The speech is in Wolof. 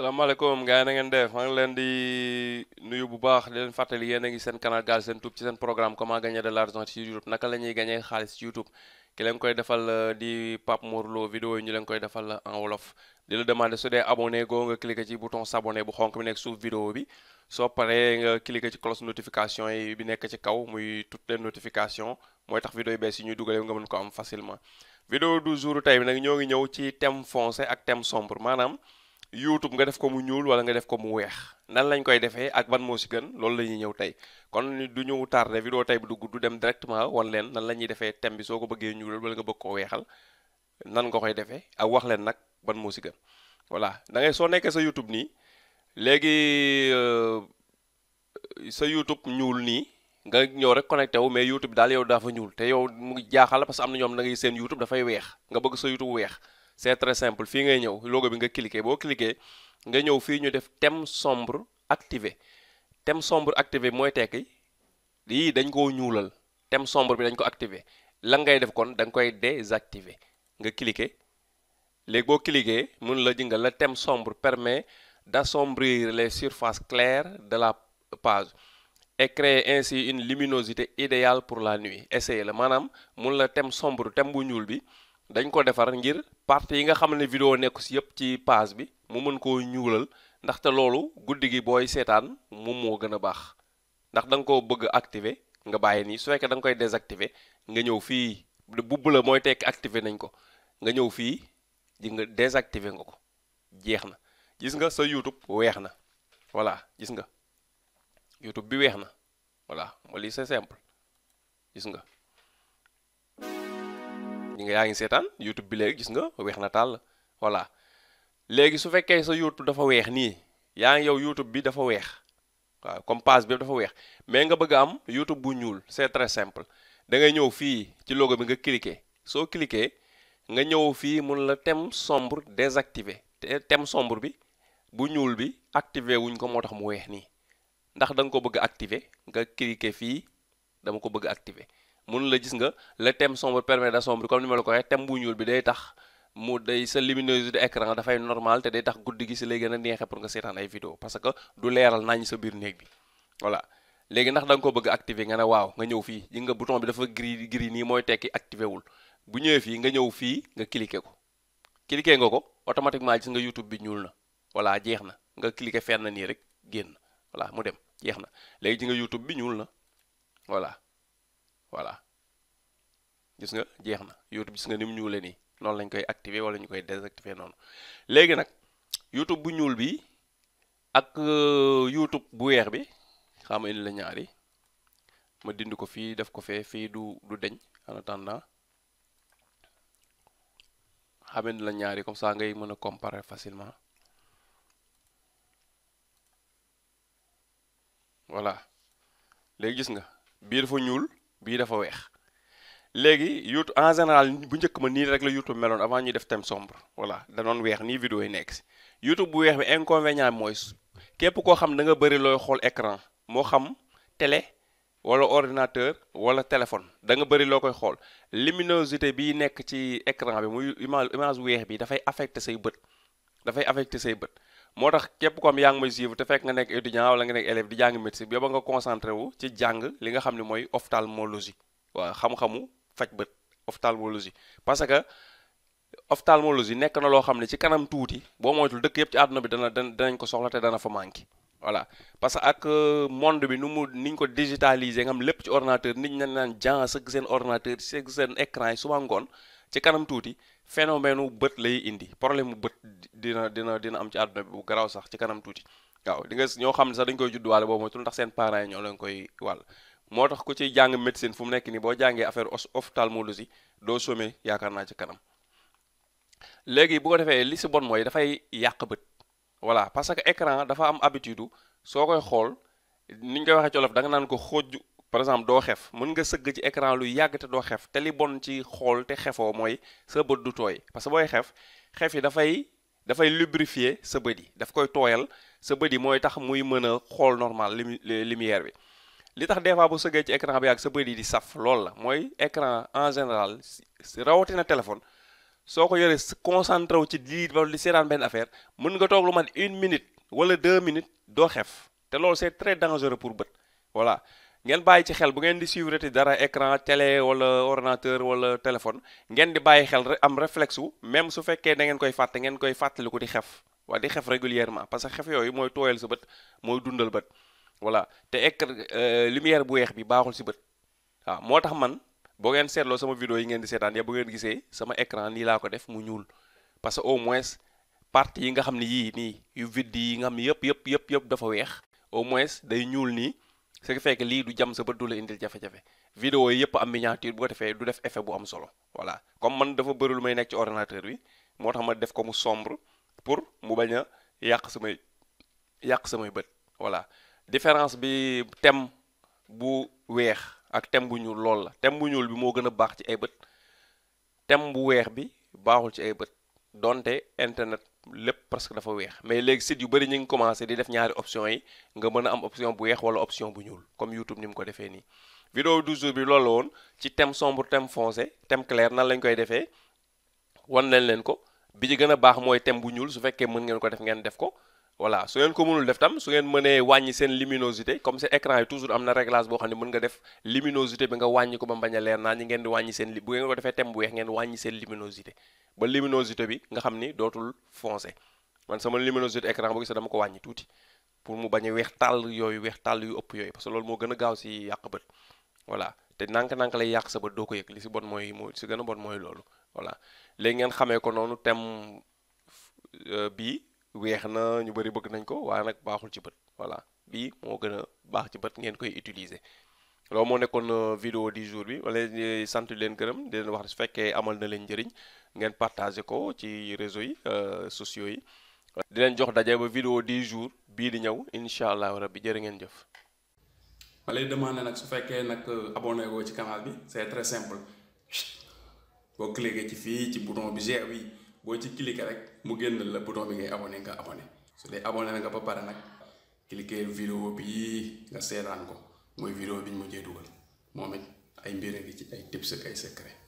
salaamaaleykum gars yi na ngeen def maa leen di nuyu bu baax di leen fàttali yéen a ngi seen canal Galsen Tube ci seen programme comment gagner de l'argent ci YouTube naka la ñuy xaalis ci YouTube ki leen koy defal euh, di Pape Mor Lo yi ñu leen koy defal en wolof di la demander su dee abonné goo nga cliquer ci bouton s'abonner bu xonk bi nekk suuf vidéo bi soo paree nga cliquer ci cloche notification yi bi nekk ci kaw muy toutes les notifications mooy tax vidéo yi bees yi ñuy dugalee nga mën ko am facilement vidéo du jour tey bi nag ñoo ngi ñëw ci thème foncé ak sombre maanaam YouTube nga def ko mu ñuul wala nga def ko mu weex nan lañ koy defee ak ban moo si gën loolu la ñuy ñëw tey kon du ñu tardé vidéo tey bi du gudd dem directement wan leen nan la ñuy defee thème bi soo ko bëggee ñuulal wala nga bëgg ko weexal nan nga koy defee ak wax leen nag ban moo si gën voilà da soo nekkee sa YouTube nii léegi euh, sa YouTube ñuul nii nga ñëw rek connecté wu mais YouTube daal yow dafa ñuul te yow mu jaaxal parce que am na ñoom da seen YouTube dafay weex nga bëgg sa YouTube weex c'est très simple fii ngay ñëw logo bi nga cliqué boo cliquer nga ñëw fii ñu def thème sombre activé thème sombre activé mooy tekk lii dañ koo ñuulal thème sombre bi dañ ko activé la ngay def kon da nga koy désactiver nga cliquer léegi boo cliquer mun la ji la thème sombre permet d'assombrir les surface claires de la page et créer une luminosité idéale pour la nuit essayez la maanaam mun la tem sombre thème bu ñuul bi dañ ko defar ngir parties yi nga xam ne vidéo nekku si yëpp ci page bi mu mën koo ñuulal ndaxte loolu guddi gi booy seetaan moom moo gën a baax ndax da nga ko bëgg activer nga bàyyi nii su fekkee da nga koy désactiver nga ñëw fii bu bula mooy tekki activer nañ ko nga ñëw fii di nga désactiver nga ko jeex na gis nga sa YouTube weex na voilà gis nga YouTube bi weex na voilà mooy lii c'est simple gis nga yaa ngi seetaan YouTube bi léegi gis nga weex na tàll voilà léegi su fekkee sa YouTube dafa weex nii yaa ngi yow YouTube bi dafa weex waaw comme page bi dafa weex mais nga bëgg a am YouTube bu ñuul c'est très simple da ngay ñëw fii ci logo bi nga cliquer soo cliquer nga ñëw fii mun la thème sombre désactivé thème sombre bi bu ñuul bi activé wuñ ko moo tax mu weex nii ndax da nga ko bëgg activer nga cliquer fii dama ko bëgg activer mënu la gis nga le thème sombre permet d'assombrer comme ni la ko waxee thème bu ñuul bi day tax mu day sa luminosité écran dafay normal te day tax guddi gi si lay gën a neexee pour nga seetaan ay vidéo parce que du leeral nañ sa biir néeg bi voilà léegi ndax da nga ko bëgg activer nga ne waaw nga ñëw fii yi nga bouton bi dafa gris gri nii mooy tekki activé wul bu ñëwee fii nga ñëw fii nga cliquer ko cliquer nga ko automatiquement gis nga YouTube bi ñuul na voilà jeex na nga cliquer fenn nii rek génn voilà mu dem jeex na léegi ji nga YouTube bi ñuul na voilà voilà gis nga jeex na youtube gis nga ni mu ñuulee nii noonu lañ koy activer wala ñu koy désactiver noonu léegi nag youtube bu ñuul bi ak euh, youtube bu weex bi xaama indi la ñaari ma dind ko fii def ko fee fii du du deñ en xam xaama indi la ñaari comme ça ngay mën a comparer facilement voilà léegi gis nga bii dafa ñuul bii dafa weex léegi YouTube en général bu njëkk ma nii rek la YouTube meloon avant ñuy def thème sombre voilà danoon weex nii vidéo yi nekk si YouTube bu weex bi inconvénient mooy képp koo xam da nga bëri looy xool écran moo xam télé wala ordinateur wala téléphone da nga bëri loo koy xool luminosité bi nekk ci écran bi muy image image weex bi dafay affecté say bët dafay affecté say bët moo tax képp comme yaa ngi may suivre te fekk nga nekk étudiant wala nga nekk élève di jàng médecine bi ba nga concentré wu ci jàng li nga xam ne mooy ophtalmologie waaw xam-xamu faj bët ophtalmologie parce que ophtalmologie nekk na loo xam ne ci kanam tuuti boo moytul dëkk yëpp ci àdduna bi dana danañ ko soxla te dana fa manqué voilà parce que ak euh, monde bi nu mu niñ ko digitaliser nga xam lépp ci ordinateur nit ñi naan naan jan sëgg seen ordinateur sëgg seen écran yi suba ngoon tuuti phénomène u bët lay indi problème mu bët dina dina dina am ci àdduna bi bu garaaw sax ci kanam tuuti waaw di nga ñoo xam ne sax dañ koy judduwaale boobu mooy tul ndax seen parents yi ñoo leen koy wàll moo tax ku ciy jàng médecine fu mu nekk nii boo jàngee affaire ophtalmologie doo some yaakaar naa ci kanam léegi bu defee li si bon mooy dafay yàq bët voilà parce que écran dafa am habitude soo koy xool ni ñu koy waxee ci olof da nga naan ko xóoju par exemple doo xef mën nga sëgg ci écran lu yàgg te doo xef te li bon ci xool te xefoo mooy sa bët du tooy parce que booy xef xef yi dafay dafay lubrifier sa bët yi daf koy tooyal sa bët yi mooy tax muy mën a xool normal lumière bi li tax des fois bu sëggee ci écran bi yàgg sa bët yi di saf lool la mooy écran en général rawatina téléphone soo ko yoree concentré wu ci lii ba li seetaan benn affaire mën nga toog lu mat une minute wala deux minutes doo xef te loolu c'est très dangereux pour bët voilà ngeen bàyyi ci xel bu ngeen di suivre ti dara écran télé wala ordinateur wala téléphone ngeen di bàyyi xel am réflexe wu même su fekkee da ngeen koy fàtte ngeen koy fàttaliku di xef waa di xef régulièrement parce que xef yooyu mooy tooyal sa bët mooy dundal bët voilà te ek euh, lumière bu weex bi baaxul si bët waaw moo tax man boo ngeen seetloo sama vidéo yi ngeen di seetaan ya bu ngeen gisee sama ecran ni laa ko def mu ñuul parce que au moins partie yi nga xam ne yii nii yu vide yi nga xam yëpp yëpp yëpp yëpp dafa weex au moins day ñuul nii ce qui fait lii du jam sa bët du la indil jafe-jafe vidéo yi yëpp am miniature bu ko defee du def effet bu am solo voilà comme man dafa bëri lu may nekk ci ordinateur bi moo tax ma def ko mu sombre pour mu bañ a yàq samay yàq samay bët voilà différence bi tem bu weex ak tem bu ñuul lool la thème bu ñuul bi moo gën a baax ci ay bët thème bu weex bi baaxul ci ay bët donte internet lépp parce que dafa weex mais léegi site yu bëri ñu ngi commencé di def ñaari option yi nga mën a am option bu weex wala option bu ñuul comme YouTube ni mu ko defee nii. vidéo du jour bi loolu la woon ci thème sombre thème foncé thème clair nan lañ koy defee wan leen leen ko bi ci gën a baax mooy thème bu ñuul su fekkee mën ngeen ko def ngeen def ko voilà su ngeen ko mënul def tam su ngeen mënee wàññi seen luminosité comme c'est écran yi toujours am na réglage boo xam ne mën nga def luminosité bi nga wàññi ko ba bañ a leer naa ñi seen bu ngeen ko defee bu bi nga xam ni dootul foncé man sama luminosité écran boo gisee dama ko wàññi tuuti pour mu bañ a weex tàll yooyu weex tàll yu ëpp yooyu parce que loolu moo gën a gaaw si yàq bët voilà te nànk-nànk lay yàq sa bët doo ko yëg li si bon mooy moo si gën a bon mooy loolu voilà léegi ngeen xamee ko noonu thème euh, bii weex na ñu bëri bëgg nañ ko waaye nag baaxul ci bët voilà bii moo gën a baax ci bët ngeen koy utiliser. loolu moo nekkoon euh, vidéo di jour bi wala euh, sant leen gërëm di leen wax su fekkee amal na leen njëriñ ngeen partagé ko ci réseau yi euh, sociaux yi. di leen jox daje ba vidéo di jour bii di ñëw incha allah rabbi jërë ngeen jëf. ma lay demandé nag su fekkee nag abonné woo ci canal bi c'est très simple boo cliqué ci fii ci bouton bi G oui. boo ci cliquer rek mu génn la bouton bi ngay abonné nga abonné su dee abonné nga ba pare nag cliquer vidéo bii nga seetaan ko mooy vidéo biñ mujjee dugal moom it ay mbir a ngi ci ay tips ak ay secret